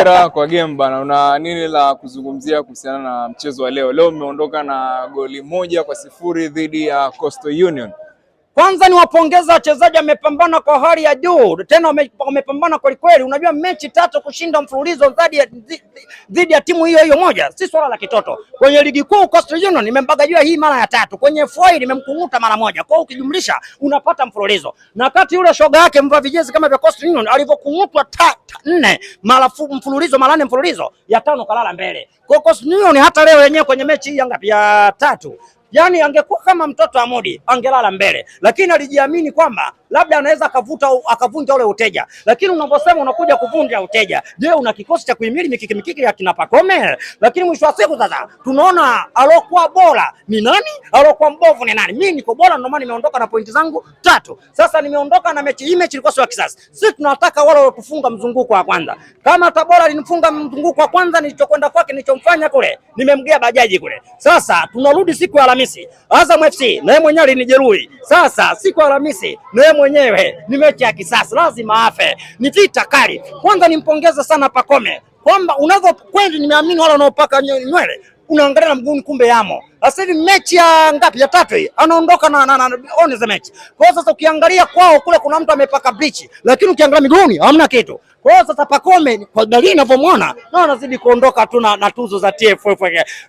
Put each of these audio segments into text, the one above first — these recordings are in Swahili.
Hongera kwa game bana, una nini la kuzungumzia kuhusiana na mchezo wa leo? Leo umeondoka na goli moja kwa sifuri dhidi ya Coastal Union. Kwanza niwapongeza wachezaji, wamepambana kwa hali ya juu, tena wamepambana kweli kweli. Unajua mechi tatu kushinda mfululizo dhidi ya ya timu hiyo hiyo moja si swala la kitoto. Kwenye ligi kuu Coastal Union nimembagajia hii mara ya tatu, kwenye FA nimemkunguta mara moja, kwa ukijumlisha unapata mfululizo, na kati yule shoga yake mvua vijezi kama vya Coastal Union alivyokungutwa nne mara mfululizo, mara nne mfululizo, ya tano kalala mbele. Kwa hiyo Coastal Union hata leo yenyewe kwenye mechi hii ya ngapi ya tatu yani angekuwa kama mtoto amudi angelala mbele, lakini alijiamini kwamba labda anaweza akavuta akavunja ule uteja, lakini unaposema unakuja kuvunja uteja, je, una kikosi cha kuhimili mikiki mikiki ya kina Pacome? Lakini mwisho wa siku sasa tunaona alokuwa bora ni nani, alokuwa mbovu ni nani? Mimi niko bora, ndio maana nimeondoka na pointi zangu tatu. Sasa nimeondoka na mechi hii, mechi ilikuwa sio ya kisasa. Sisi tunataka wale walotufunga mzunguko wa kwanza. Kama Tabora alinifunga mzunguko wa kwanza, nilichokwenda kwake, nilichomfanya kule, nimemgea bajaji kule. Sasa tunarudi siku ya Alhamisi, Azam FC naye mwenyewe alinijeruhi. Sasa siku ya Alhamisi naye mwenyewe ni mechi ya kisasa, lazima afe, ni vita kali. Kwanza nimpongeze sana Pakome kwamba unavyo kweli, nimeamini wale wanaopaka nywele unaangalia na mguuni, kumbe yamo sasa hivi mechi ya ngapi? Ya tatu hii anaondoka na, na, na on the match. Kwa hiyo sasa ukiangalia kwao kule kuna mtu amepaka bleach, lakini ukiangalia miguuni hamna kitu. Kwa hiyo sasa Pacome kwa dalili ninavyomwona na anazidi kuondoka tu na, tuzo za TFF.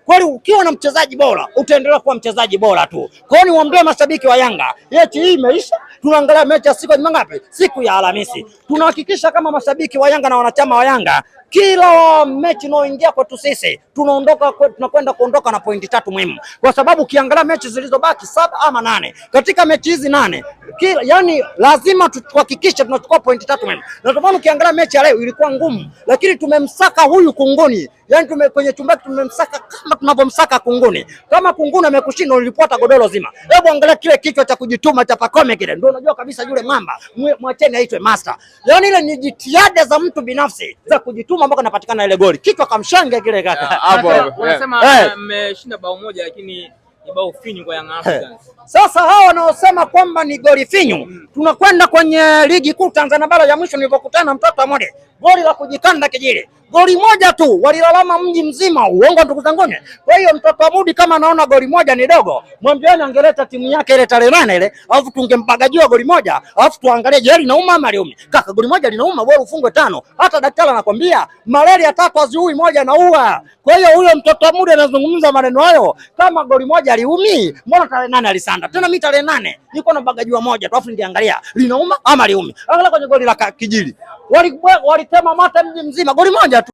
Kweli ukiwa na mchezaji bora utaendelea kuwa mchezaji bora tu. Kwa hiyo niwaambie mashabiki wa Yanga, mechi hii imeisha. Tunaangalia mechi ya siku ya ngapi? Siku ya Alhamisi. Tunahakikisha kama mashabiki wa Yanga na wanachama wa Yanga kila mechi inayoingia kwetu sisi tunaondoka tunakwenda kuondoka na pointi tatu muhimu kwa sababu ukiangalia mechi zilizobaki saba ama nane, katika mechi hizi nane kila, yani lazima tuhakikishe tunachukua pointi tatu mema. Na ndio maana ukiangalia mechi ya leo ilikuwa ngumu, lakini tumemsaka huyu kunguni, yani tume, kwenye chumba tumemsaka kama tunavyomsaka kunguni. Kama kunguni amekushinda ulipata godoro zima, hebu angalia kile kichwa cha kujituma cha Pakome kile, ndio unajua kabisa yule mamba, mwacheni aitwe master. Yani ile ni jitihada za mtu binafsi za kujituma mpaka napatikana ile goli, kichwa kamshange kile kaka. Hapo unasema eh. mmeshinda bao moja lakini ni bao finyu kwa Young Africans. Sasa hawa wanaosema kwamba ni goli finyu mm. Tunakwenda kwenye ligi kuu Tanzania bara ya mwisho nilipokutana na mtoto mmoja, goli la kujikanda kijili goli moja tu walilalama mji mzima. Uongo ndugu zanguni. Kwa hiyo mtoto Amudi kama anaona goli moja ni dogo, mwambieni angeleta timu yake ile tarehe nane ile, alafu tungembagajiwa goli moja, alafu tuangalie je, linauma ama liumi. Kaka, goli moja linauma, wewe ufungwe tano. Hata daktari anakwambia malaria tatu haziui, moja na ua. Kwa hiyo huyo mtoto Amudi anazungumza maneno hayo, kama goli moja liumi, mbona tarehe nane alisanda tena? Mimi tarehe nane niko na bagajiwa moja tu, alafu ndiangalia linauma ama liumi, angalia kwenye goli la kijili walitema mata mji mzima, goli moja tu.